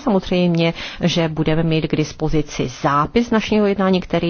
samozřejmě, že budeme mít k dispozici zápis našeho jednání, který